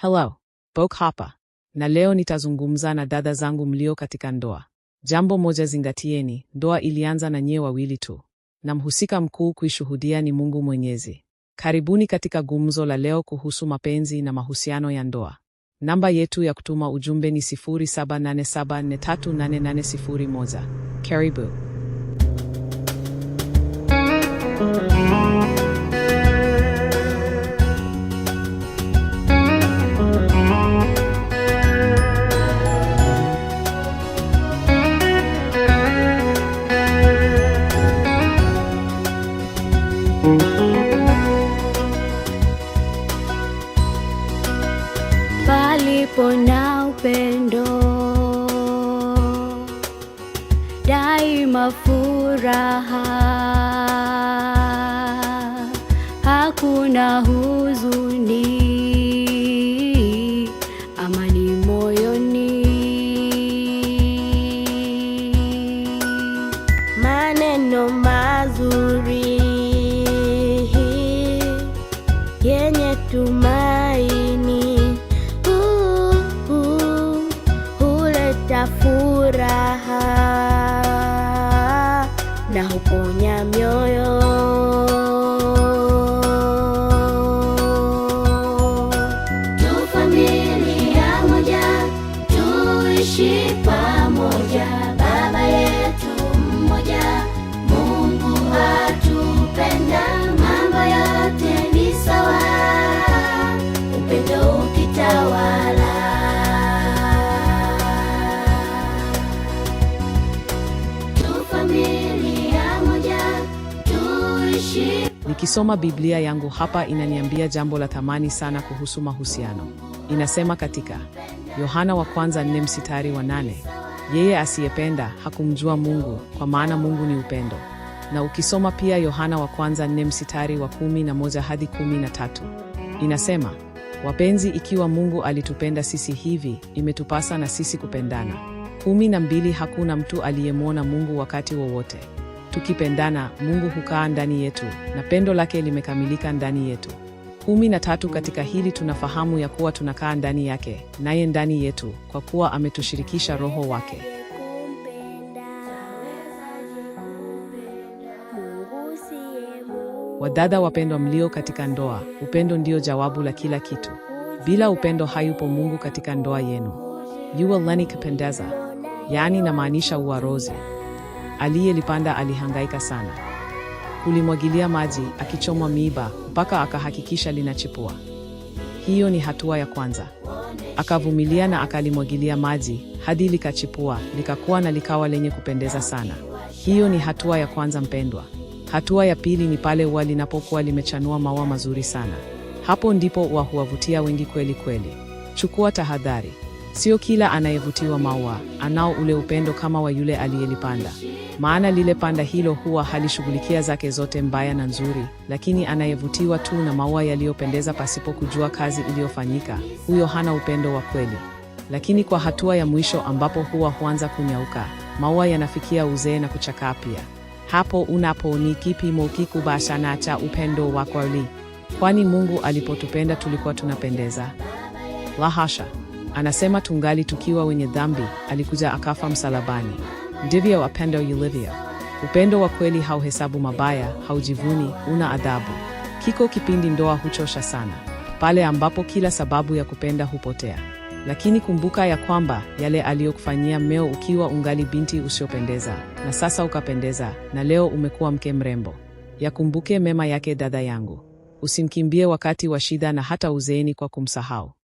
Hello, Bok hapa, na leo nitazungumza na dada zangu mlio katika ndoa. Jambo moja zingatieni, ndoa ilianza na nyie wawili tu, na mhusika mkuu kuishuhudia ni Mungu Mwenyezi. Karibuni katika gumzo la leo kuhusu mapenzi na mahusiano ya ndoa. Namba yetu ya kutuma ujumbe ni 0787438801. Karibu. daima furaha, hakuna huzuni, amani moyoni. Maneno mazuri na huponya mioyo. Tu familia moja tuishi Nikisoma Biblia yangu hapa inaniambia jambo la thamani sana kuhusu mahusiano. Inasema katika Yohana wa kwanza nne msitari wa nane yeye asiyependa hakumjua Mungu kwa maana Mungu ni upendo. Na ukisoma pia Yohana wa kwanza nne msitari wa kumi na moja hadi kumi na tatu inasema wapenzi, ikiwa Mungu alitupenda sisi hivi, imetupasa na sisi kupendana. kumi na mbili hakuna mtu aliyemwona Mungu wakati wowote wa tukipendana, Mungu hukaa ndani yetu na pendo lake limekamilika ndani yetu. kumi na tatu. Katika hili tunafahamu ya kuwa tunakaa ndani yake naye ndani yetu, kwa kuwa ametushirikisha Roho wake. Wadada wapendwa, mlio katika ndoa, upendo ndio jawabu la kila kitu. Bila upendo hayupo Mungu katika ndoa yenu. lani kupendeza, yaani namaanisha uarozi. Aliyelipanda alihangaika sana, kulimwagilia maji, akichomwa miiba mpaka akahakikisha linachipua. Hiyo ni hatua ya kwanza. Akavumilia na akalimwagilia maji hadi likachipua, likakuwa na likawa lenye kupendeza sana. Hiyo ni hatua ya kwanza, mpendwa. Hatua ya pili ni pale ua linapokuwa limechanua maua mazuri sana. Hapo ndipo ua huwavutia wengi kweli kweli. Chukua tahadhari. Sio kila anayevutiwa maua anao ule upendo kama wa yule aliyelipanda, maana lile panda hilo huwa halishughulikia zake zote mbaya na nzuri, lakini anayevutiwa tu na maua yaliyopendeza pasipo kujua kazi iliyofanyika, huyo hana upendo wa kweli. Lakini kwa hatua ya mwisho ambapo huwa huanza kunyauka, maua yanafikia uzee na kuchakaa pia. Hapo unapo ni kipimo na cha upendo wa kweli, kwani Mungu alipotupenda tulikuwa tunapendeza? La hasha! Anasema tungali tukiwa wenye dhambi, alikuja akafa msalabani. Ndivyo wapendo ulivyo. Upendo wa kweli hauhesabu mabaya, haujivuni, una adhabu. Kiko kipindi ndoa huchosha sana, pale ambapo kila sababu ya kupenda hupotea. Lakini kumbuka ya kwamba yale aliyokufanyia mmeo ukiwa ungali binti usiopendeza, na sasa ukapendeza, na leo umekuwa mke mrembo. Yakumbuke mema yake dada yangu, usimkimbie wakati wa shida, na hata uzeeni kwa kumsahau.